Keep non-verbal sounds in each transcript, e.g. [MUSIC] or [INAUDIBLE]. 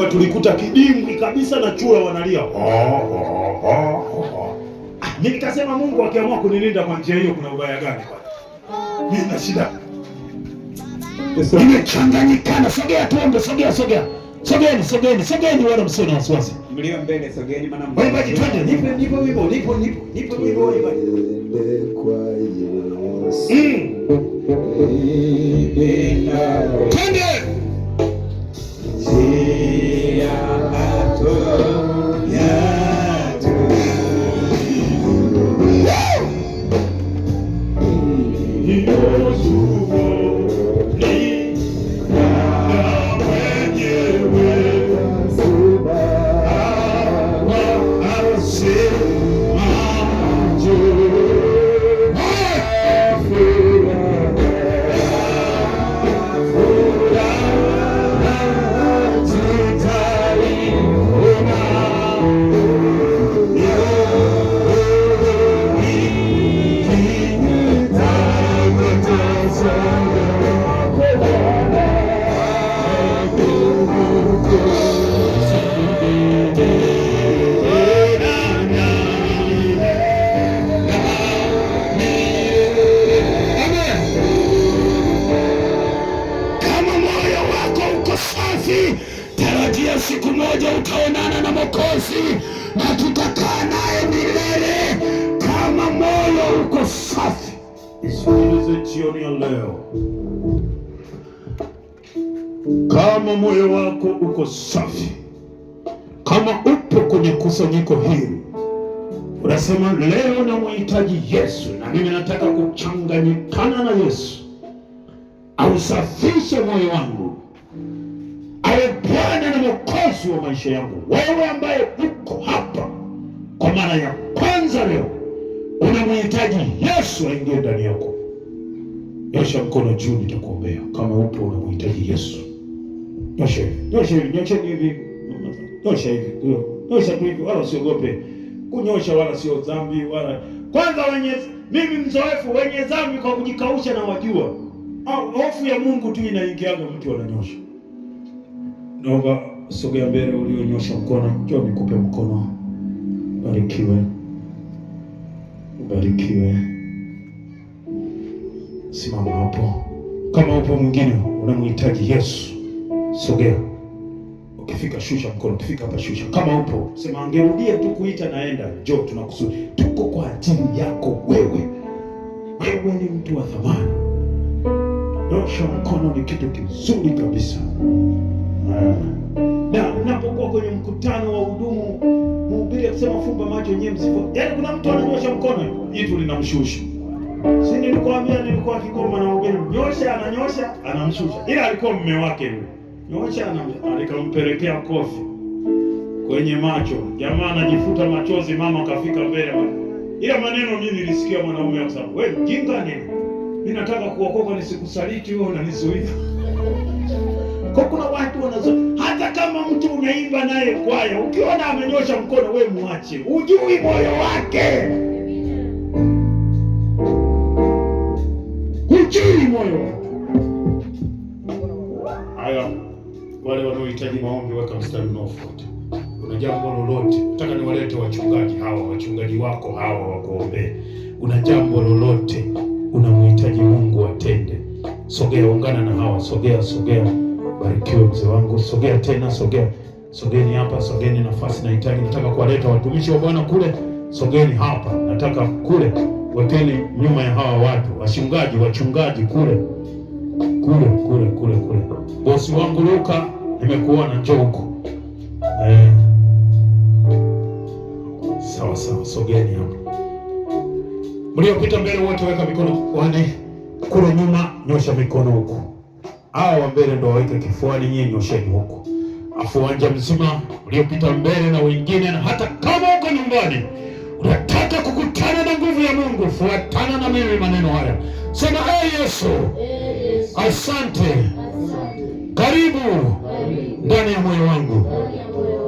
kwa tulikuta kidimbwi kabisa na chura wanalia. Ah, ah, ah, nikasema Mungu akiamua kunilinda kwa njia hiyo kuna ubaya gani kwani? Mimi na shida. Nimechanganyikana. Sogea tuombe, sogea sogea. Sogeni, sogeni, sogeni wala msio na wasiwasi. Mlio mbele sogeni maana Mungu. Wewe baki twende. Nipo nipo nipo nipo nipo nipo nipo nipo kwa Yesu. Mm. Twende. Siku moja utaonana na Mwokozi na tutakaa naye milele, kama moyo uko safi ujiulize jioni ya leo, kama moyo wako uko safi, kama upo kwenye kusanyiko hili unasema leo namhitaji Yesu na mimi nataka kuchanganyikana na Yesu, ausafishe moyo wangu, awe Bwana na Mwokozi wa maisha yangu. Wewe ambaye uko hapa kwa mara ya kwanza leo unamhitaji Yesu aingie ndani yako nyosha mkono juu, nitakuombea kama upo unamhitaji Yesu. Nyosha hivi, nyosha nyosha hivi, nyosha hivi, nyosha tu hivi, wala usiogope kunyosha, wala sio dhambi, wala kwanza wenye mimi mzoefu, wenye dhambi kwa kujikausha na wajua, hofu ya Mungu tu inaingiaga mtu ananyosha. Naomba sogea mbele, ulionyosha mkono, njoo nikupe mkono. Barikiwe, barikiwe Simama hapo. Kama upo mwingine unamhitaji Yesu, sogea. Ukifika shusha mkono, ukifika hapa shusha. Kama upo sema, angerudia tu kuita naenda. jo, tunakusudi, tuko kwa ajili yako wewe. Wewe ni mtu wa thamani. Nyosha mkono, ni kitu kizuri kabisa. Na unapokuwa kwenye mkutano wa hudumu, mhubiri akisema fumba macho, nyewe msifo, Yaani kuna mtu ananyosha mkono, jitu linamshusha Si nilikwambia nilikuwa Kigoma na wageni, nyosha ananyosha anamshusha, ila alikuwa mume wake nyosha, nikampelekea kofi kwenye macho, jamaa anajifuta machozi, mama kafika mbele ila maneno mimi nilisikia mwanaume akasema, wewe mjinga nini? Mimi nataka kuokoka nisikusaliti wewe unanizuia. [LAUGHS] Kwa kuna watu wanazo hata kama mtu umeimba naye kwaya, ukiona amenyosha mkono, we mwache, ujui moyo wake. moyo. Haya, wale wanaohitaji maombi, weka mstari unaofuata. Una jambo lolote, nataka niwalete wachungaji hawa, wachungaji wako hawa wakuombee. Una jambo lolote, unamhitaji Mungu atende, sogea, ungana na hawa, sogea, sogea. Barikiwe mzee wangu, sogea tena, sogea. Sogeni hapa, sogeni nafasi nahitaji, nataka kuwaleta watumishi wa Bwana kule, sogeni hapa, nataka kule weteni nyuma ya hawa watu wachungaji, wachungaji kule kule kule kule kule. Bosi wangu Luka, nimekuona, njoo huko eh. Sawa sawa, sogeni hapo. Mliopita mbele wote weka mikono wane, kule nyuma nyosha mikono huko. Hawa wa mbele ndio waweke kifuani, nyie nyosheni huko, afu uwanja mzima mliopita mbele na wengine, na hata kama uko nyumbani Unataka kukutana na nguvu ya Mungu, fuatana na mimi maneno haya. Sema hey ee ee Yesu, asante, karibu ndani ya moyo wangu.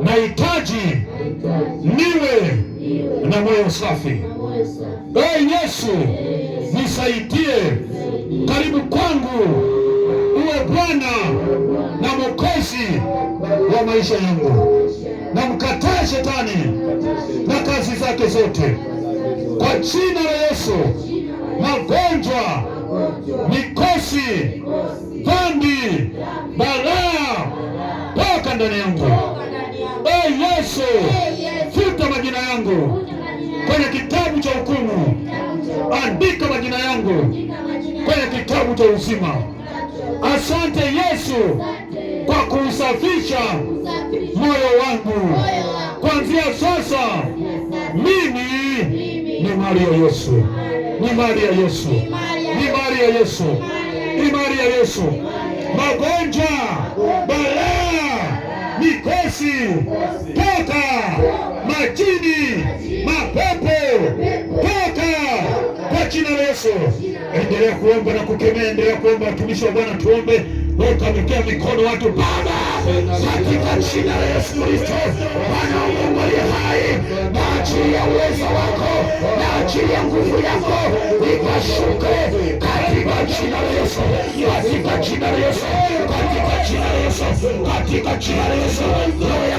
Nahitaji niwe na moyo safi. Hey ee Yesu, nisaidie, karibu kwangu uwe Bwana na Mwokozi wa maisha yangu na mkataa shetani na kazi zake zote kwa jina la Yesu. Magonjwa, mikosi, dhambi, balaa, toka ndani yangu e Yesu, futa majina yangu kwenye kitabu cha hukumu, andika majina yangu kwenye kitabu cha uzima. Asante Yesu kuusafisha moyo wangu. Kuanzia sasa mimi ni mali ya Yesu, ni mali ya Yesu, ni mali ya Yesu, ni mali ya Yesu. Magonjwa, balaa, mikosi, toka majini, mapepo, toka kwa jina la Yesu. Endelea kuomba na kukemea, endelea kuomba. Watumishi wa Bwana, tuombe ukametee mikono watu Baba, katika jina la Yesu Kristo. Bwana Mungu aliye hai, na ajili ya uwezo wako na ajili ya nguvu yako ikashuke katika jina la Yesu, katika jina la Yesu, katika jina la Yesu, katika jina la Yesu, roho ya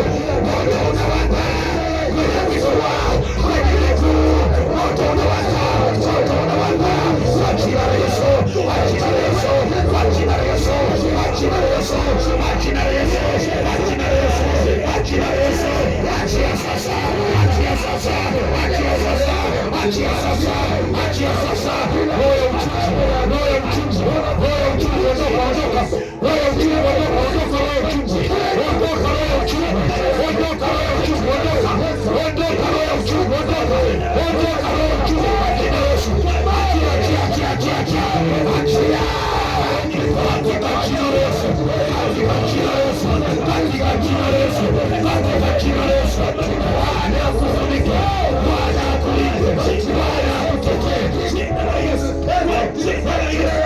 Jina la Yesu.